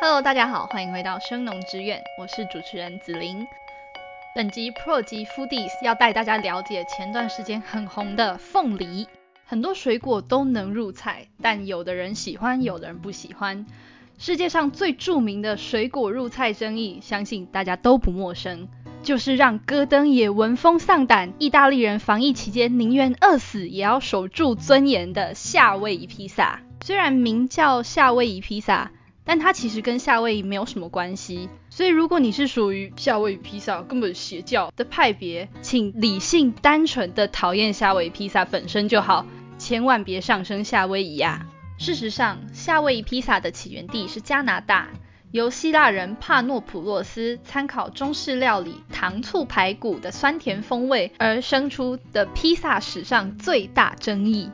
Hello，大家好，歡迎回到生農之院，我是主持人子琳。本集噗摟級 foodies 要帶大家了解前段時間很紅的鳳梨。很多水果都能入菜，但有的人喜歡，有的人不喜歡。世界上最著名的水果入菜爭議，相信大家都不陌生，就是讓戈登也聞風喪膽、意大利人防疫期間寧願餓死也要守住尊嚴的夏威夷披薩。雖然名叫夏威夷披薩。但它其實跟夏威夷沒有什麼關係，所以如果你是屬於夏威夷披薩根本邪教的派別，請理性單純的討厭夏威夷披薩本身就好，千萬別上升夏威夷啊！事實上，夏威夷披薩的起源地是加拿大，由希臘人帕諾普洛斯參考中式料理糖醋排骨的酸甜風味而生出的披薩史上最大爭議。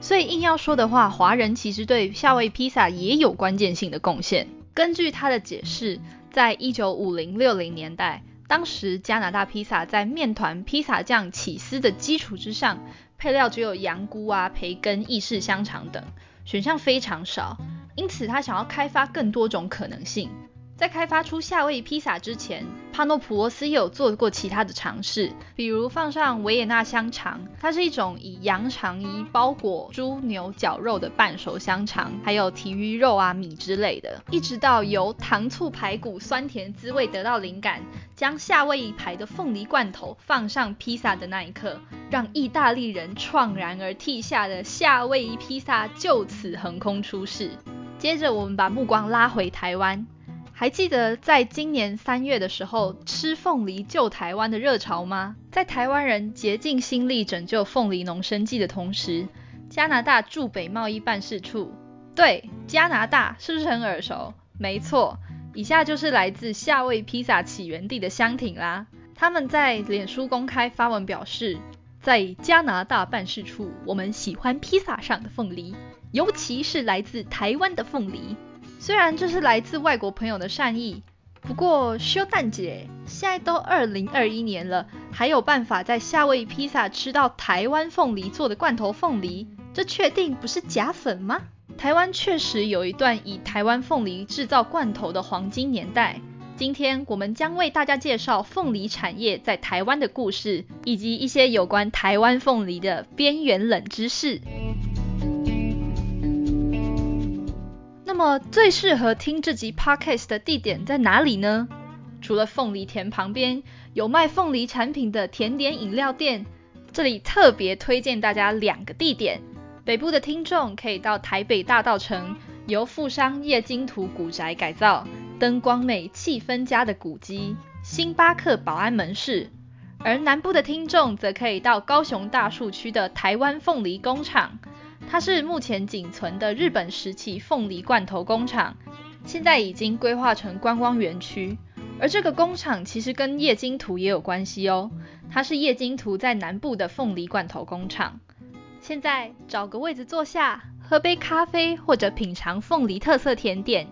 所以硬要說的話，華人其實對夏威夷披薩也有關鍵性的貢獻。根據他的解釋，在一九五零六零年代，當時加拿大披薩在麵團、披薩醬、起司的基礎之上，配料只有洋菇啊、培根、意式香腸等，選項非常少。因此，他想要開發更多種可能性。在開發出夏威夷披薩之前，帕諾普洛斯也有做過其他的嘗試，比如放上維也納香腸，它是一種以羊腸衣包裹豬牛絞肉的半熟香腸，還有鯷魚肉啊、米之類的。一直到由糖醋排骨酸甜滋味得到靈感，將夏威夷牌的鳳梨罐頭放上披薩的那一刻，讓意大利人愴然而涕下的夏威夷披薩就此橫空出世。接着我們把目光拉回台灣。還記得在今年三月的時候，吃鳳梨救台灣的熱潮嗎？在台灣人竭盡心力拯救鳳梨農生計的同時，加拿大駐北貿易辦事處，對加拿大是不是很耳熟？沒錯，以下就是來自夏威夷披薩起源地的香艇啦。他們在臉書公開發文表示，在加拿大辦事處，我們喜歡披薩上的鳳梨，尤其是來自台灣的鳳梨。雖然這是來自外國朋友的善意，不過修但幾勒，現在都二零二一年了，還有辦法在夏威夷披薩吃到台灣鳳梨做的罐頭鳳梨？這確定不是假粉嗎？台灣確實有一段以台灣鳳梨製造罐頭的黃金年代。今天我們將為大家介紹鳳梨產業在台灣的故事，以及一些有關台灣鳳梨的邊緣冷知識。那麼最適合聽這集 podcast 的地點在哪裡呢？除了鳳梨田旁邊有賣鳳梨產品的甜點飲料店，這裡特別推薦大家兩個地點。北部的聽眾可以到台北大稻埕由富商葉金塗古宅改造，燈光美、氣氛佳的古蹟星巴克保安門市；而南部的聽眾則可以到高雄大樹區的台灣鳳梨工廠。它是目前僅存的日本時期鳳梨罐頭工廠，現在已經規劃成觀光園區。而這個工廠其實跟葉金塗也有關係哦，它是葉金塗在南部的鳳梨罐頭工廠。現在找個位置坐下，喝杯咖啡或者品嚐鳳梨特色甜點，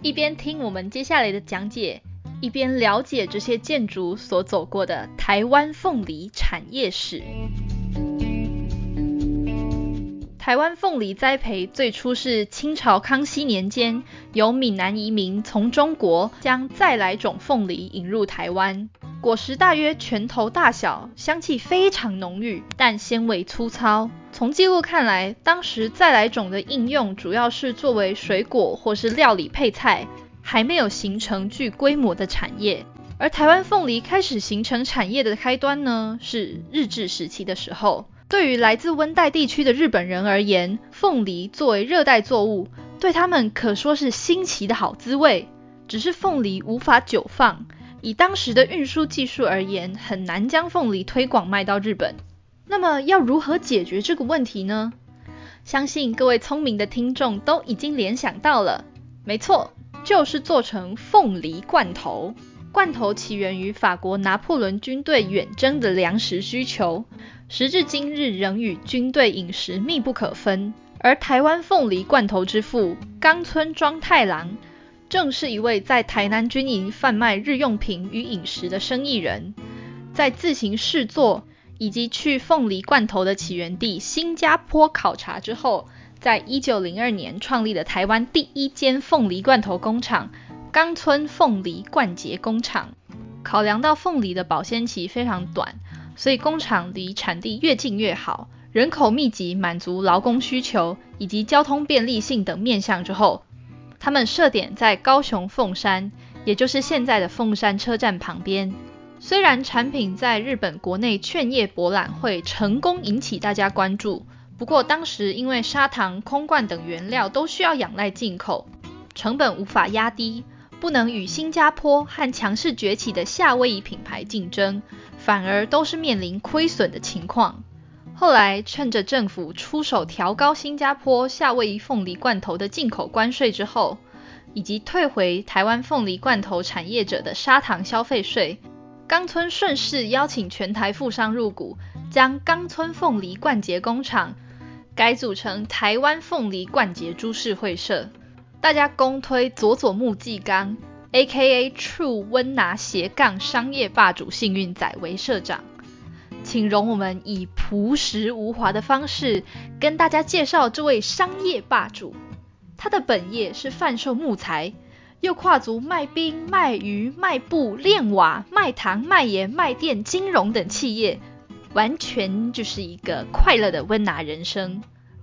一邊聽我們接下來的講解，一邊了解這些建築所走過的台灣鳳梨產業史。台灣鳳梨栽培最初是清朝康熙年間，由閩南移民從中國將在來種鳳梨引入台灣。果實大約拳頭大小，香氣非常濃郁，但纖維粗糙。從記錄看來，當時在來種的應用主要是作為水果或是料理配菜，還沒有形成具規模的產業。而台灣鳳梨開始形成產業的開端呢，是日治時期的時候。對於來自溫帶地區的日本人而言，鳳梨作為熱帶作物，對他們可說是新奇的好滋味。只是鳳梨無法久放，以當時的運輸技術而言，很難將鳳梨推廣賣到日本。那麼要如何解決這個問題呢？相信各位聰明的聽眾都已經聯想到了，沒錯，就是做成鳳梨罐頭。罐頭起源於法國拿破崙軍隊遠征的糧食需求，時至今日仍與軍隊飲食密不可分。而台灣鳳梨罐頭之父岡村莊太郎，正是一位在台南軍營販賣日用品與飲食的生意人，在自行試作以及去鳳梨罐頭的起源地新加坡考察之後，在一九零二年創立了台灣第一間鳳梨罐頭工廠。岡村鳳梨罐詰工廠，考量到鳳梨的保鮮期非常短，所以工廠離產地越近越好。人口密集、滿足勞工需求以及交通便利性等面向之後，他們設點在高雄鳳山，也就是現在的鳳山車站旁邊。雖然產品在日本國內勸業博覽會成功引起大家關注，不過當時因為砂糖、空罐等原料都需要仰賴進口，成本無法壓低。不能與新加坡和強勢崛起的夏威夷品牌競爭，反而都是面臨虧損的情況。後來趁着政府出手調高新加坡夏威夷鳳梨罐頭的進口關稅之後，以及退回台灣鳳梨罐頭產業者的砂糖消費稅，岡村順勢邀請全台富商入股，將岡村鳳梨罐詰工廠改組成台灣鳳梨罐詰株式會社。大家公推佐佐木紀綱 AKA true 溫拿斜槓商業霸主幸運仔為社長，請容我們以樸實無華的方式跟大家介紹這位商業霸主。他的本業是販售木材，又跨足賣冰、賣魚、賣布、煉瓦、賣糖、賣鹽、賣電、金融等企業，完全就是一個快樂的溫拿人生。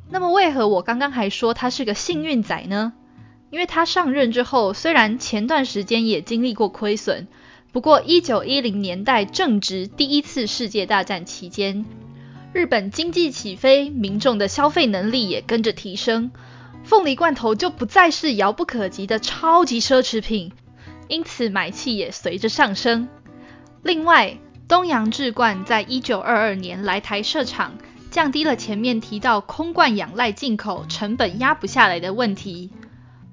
那麼為何我剛剛還說他是個幸運仔呢？因為他上任之後，雖然前段時間也經歷過虧損，不過1910年代正值第一次世界大戰期間，日本經濟起飛，民眾的消費能力也跟着提升，鳳梨罐頭就不再是遙不可及的超級奢侈品，因此買氣也隨着上升。另外，東洋製罐在1922年來台設廠，降低了前面提到空罐仰賴進口、成本壓不下來的問題。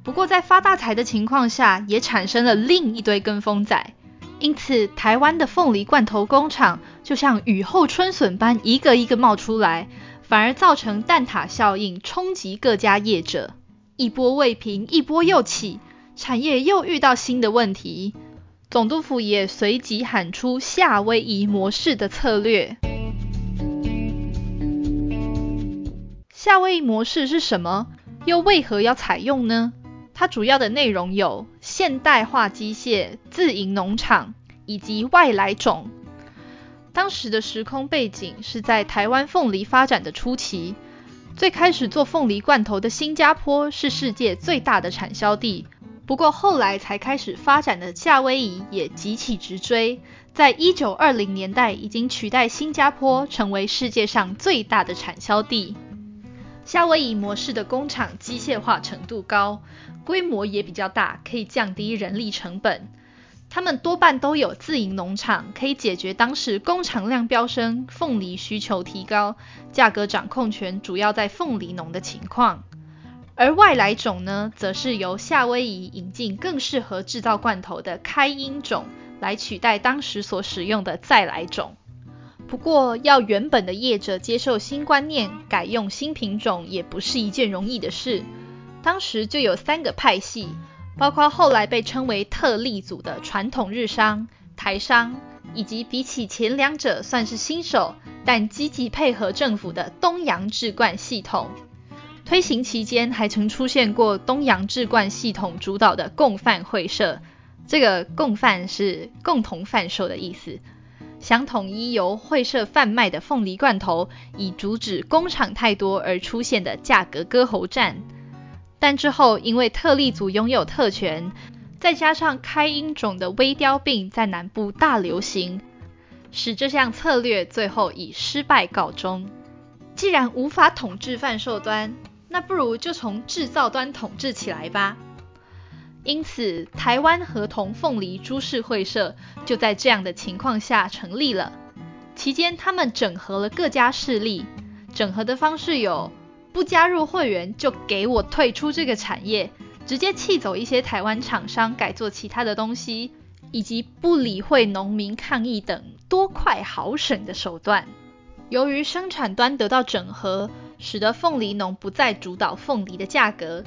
不過在發大財的情況下，也產生了另一堆跟風仔，因此台灣的鳳梨罐頭工廠就像雨後春筍般一個一個冒出來，反而造成蛋塔效應衝擊各家業者，一波未平一波又起，產業又遇到新的問題，總督府也隨即喊出夏威夷模式的策略。夏威夷模式是什麼？又為何要採用呢？它主要的內容有現代化機械、自營農場以及外來種。當時的時空背景是在台灣鳳梨發展的初期，最開始做鳳梨罐頭的新加坡是世界最大的產銷地，不過後來才開始發展的夏威夷也急起直追，在一九二零年代已經取代新加坡成為世界上最大的產銷地。夏威夷模式的工廠機械化程度高，規模也比較大，可以降低人力成本。他們多半都有自營農場，可以解決當時工廠量飆升、鳳梨需求提高、價格掌控權主要在鳳梨農的情況。而外來種呢，則是由夏威夷引進更適合制造罐頭的開英種，來取代當時所使用的在來種。不過，要原本的業者接受新觀念，改用新品種，也不是一件容易的事。當時就有三個派系，包括後來被稱為特例組的傳統日商、台商，以及比起前兩者算是新手，但積極配合政府的東洋製罐系統。推行期間還曾出現過東洋製罐系統主導的共販會社，這個共販是共同販售的意思。想統一由會社販賣的鳳梨罐頭，以阻止工廠太多而出現的價格割喉戰。但之後因為特例組擁有特權，再加上開英種的萎凋病在南部大流行，使這項策略最後以失敗告終。既然無法統治販售端，那不如就從制造端統治起來吧。因此，台灣合同鳳梨株式會社就在這樣的情況下成立了。期間，他們整合了各家勢力，整合的方式有：不加入會員就給我退出這個產業，直接氣走一些台灣廠商，改做其他的東西，以及不理會農民抗議等多快好省的手段。由於生產端得到整合，使得鳳梨農不再主導鳳梨的價格。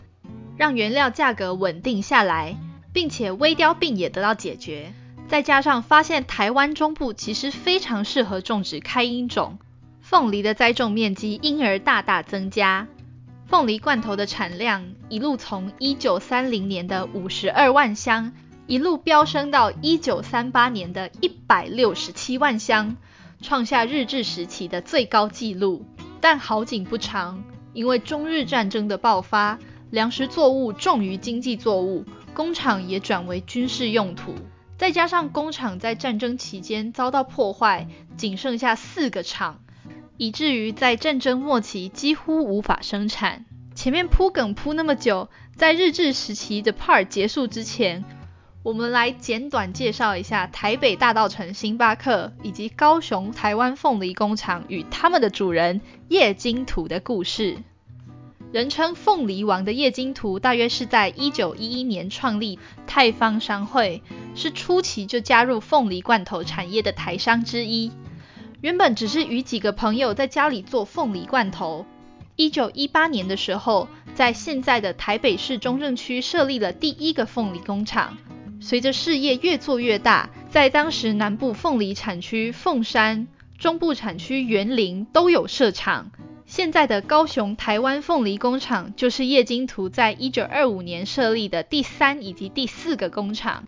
讓原料價格穩定下來，並且萎凋病也得到解決。再加上發現台灣中部其實非常適合種植開英種鳳梨的栽種面積，因而大大增加。鳳梨罐頭的產量一路從1930年的52萬箱，一路飆升到1938年的一百六十七萬箱，創下日治時期的最高紀錄。但好景不長，因為中日戰爭的爆發。糧食作物重於經濟作物，工廠也轉為軍事用途。再加上工廠在戰爭期間遭到破壞，僅剩下四個廠，以至於在戰爭末期幾乎無法生產。前面鋪梗鋪那麼久，在日治時期的 part 結束之前，我們來簡短介紹一下台北大稻埕星巴克以及高雄台灣鳳梨工廠與他們的主人葉金塗的故事。人稱鳳梨王的葉金塗，大約是在1911年創立泰芳商會，是初期就加入鳳梨罐頭產業的台商之一。原本只是與幾個朋友在家裡做鳳梨罐頭。1918年的時候，在現在的台北市中正區設立了第一個鳳梨工廠。隨着事業越做越大，在當時南部鳳梨產區鳳山、中部產區員林都有設廠。現在的高雄台灣鳳梨工廠，就是葉金塗在1925年設立的第三以及第四個工廠，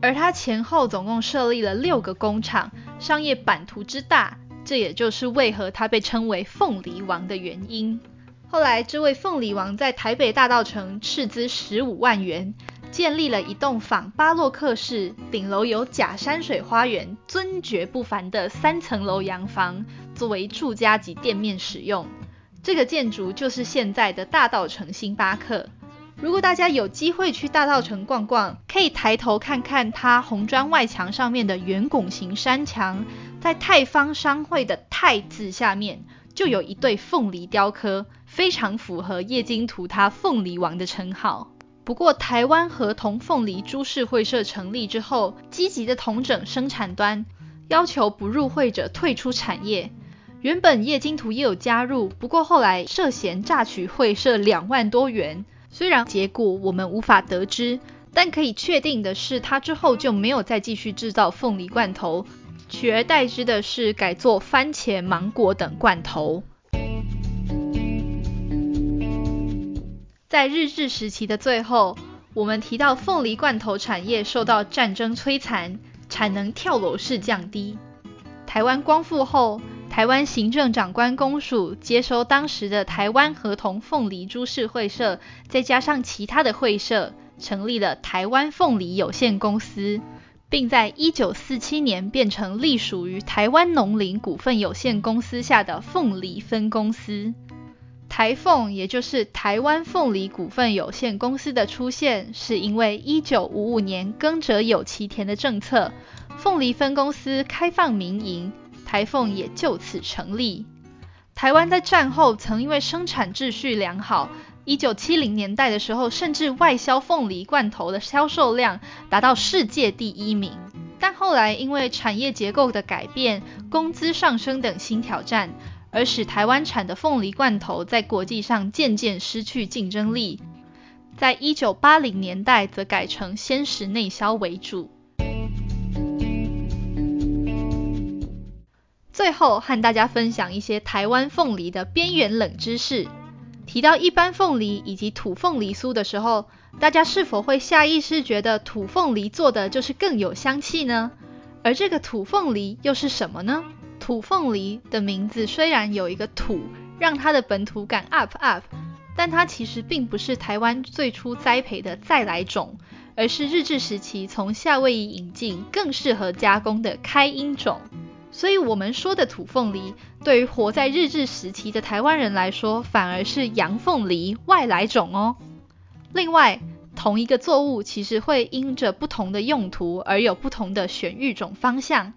而它前後總共設立了六個工廠，商業版圖之大，這也就是為何它被稱為鳳梨王的原因。後來，這位鳳梨王在台北大稻埕斥資十五萬元，建立了一棟仿巴洛克式，頂樓有假山水花園，尊爵不凡的三層樓洋房。作為住家及店面使用，這個建築就是現在的大稻埕星巴克。如果大家有機會去大稻埕逛逛，可以抬頭看看它紅磚外牆上面的圓拱形山牆，在泰芳商會的“泰”字下面，就有一對鳳梨雕刻，非常符合葉金塗它鳳梨王的稱號。不過，台灣合同鳳梨株式會社成立之後，積極的統整生產端，要求不入會者退出產業。原本葉金塗也有加入，不過後來涉嫌榨取會社兩萬多元。雖然結果我們無法得知，但可以確定的是，他之後就沒有再繼續製造鳳梨罐頭，取而代之的是改做番茄、芒果等罐頭。在日治時期的最後，我們提到鳳梨罐頭產業受到戰爭摧殘，產能跳樓式降低。台灣光復後，台灣行政長官公署接收當時的台灣合同鳳梨株式會社，再加上其他的會社，成立了台灣鳳梨有限公司，並在1947年變成隸屬於台灣農林股份有限公司下的鳳梨分公司。台鳳，也就是台灣鳳梨股份有限公司的出現，是因為1955年耕者有其田的政策，鳳梨分公司開放民營。台鳳也就此成立。台灣在戰後曾因為生產秩序良好，1970年代的時候，甚至外銷鳳梨罐頭的銷售量達到世界第一名。但後來因為產業結構的改變、工資上升等新挑戰，而使台灣產的鳳梨罐頭在國際上漸漸失去競爭力。在1980年代則改成鮮食內銷為主。最後和大家分享一些台灣鳳梨的邊緣冷知識。提到一般鳳梨以及土鳳梨酥的時候，大家是否會下意識覺得土鳳梨做的就是更有香氣呢？而這個土鳳梨又是什麼呢？土鳳梨的名字雖然有一個“土”，讓它的本土感 up up，但它其實並不是台灣最初栽培的在來種，而是日治時期從夏威夷引進、更適合加工的開英種。所以我們說的土鳳梨，對於活在日治時期的台灣人來說，反而是洋鳳梨外來種哦。另外，同一個作物其實會因着不同的用途而有不同的選育種方向。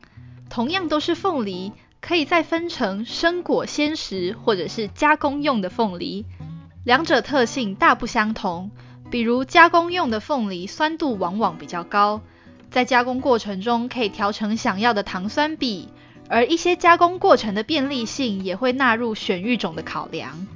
同樣都是鳳梨，可以再分成生果鮮食或者是加工用的鳳梨，兩者特性大不相同。比如加工用的鳳梨酸度往往比較高，在加工過程中可以調成想要的糖酸比。而一些加工過程的便利性也會納入選育種的考量，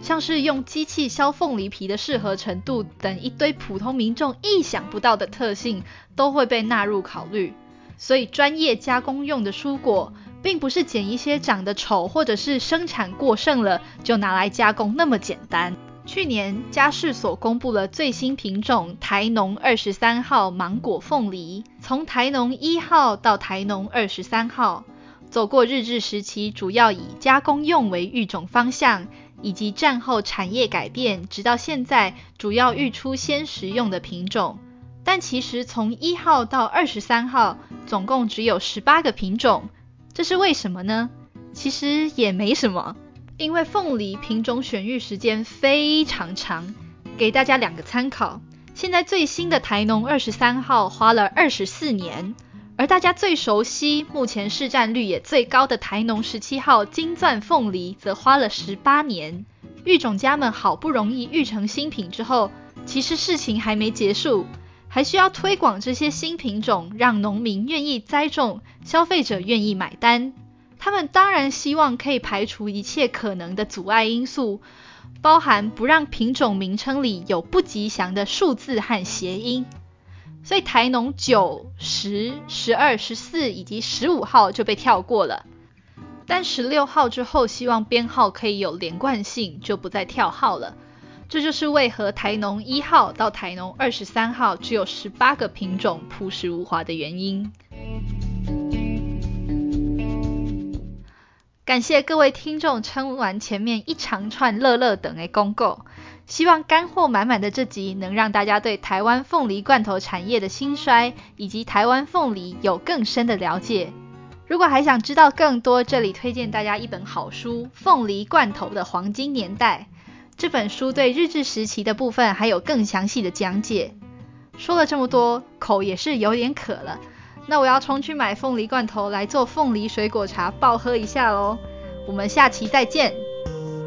像是用機器削鳳梨皮的適合程度等一堆普通民眾意想不到的特性，都會被納入考慮。所以專業加工用的蔬果，並不是撿一些長得醜或者是生產過剩了就拿來加工那麼簡單。去年家事所公布了最新品種台農二十三號芒果鳳梨，從台農一號到台農二十三號，走過日治時期，主要以加工用為育種方向，以及戰後產業改變，直到現在主要育出鮮食用的品種。但其實從一號到二十三號，總共只有十八個品種，這是為什麼呢？其實也沒什麼，因為鳳梨品種選育時間非常長。給大家兩個參考，現在最新的台農二十三號花了二十四年。而大家最熟悉、目前市占率也最高的台農十七號金鑽鳳梨，則花了十八年。育種家們好不容易育成新品之後，其實事情還沒結束，還需要推廣這些新品種，讓農民願意栽種，消費者願意買單。他們當然希望可以排除一切可能的阻礙因素，包含不讓品種名稱裡有不吉祥的數字和諧音。所以台農九、十、十二、十四以及十五號就被跳過了，但十六號之後，希望編號可以有連貫性，就不再跳號了。這就是為何台農一號到台農二十三號只有十八個品種樸實無華的原因。感謝各位聽眾撐完前面一長串樂樂等的公告。希望乾貨滿滿的這集能讓大家對台灣鳳梨罐頭產業的興衰以及台灣鳳梨有更深的了解。如果還想知道更多，這裡推薦大家一本好書《鳳梨罐頭的黃金年代》。這本書對日治時期的部分還有更詳細的講解。說了這麼多，口也是有點渴了，那我要衝去買鳳梨罐頭來做鳳梨水果茶，爆喝一下嘍。我們下期再見。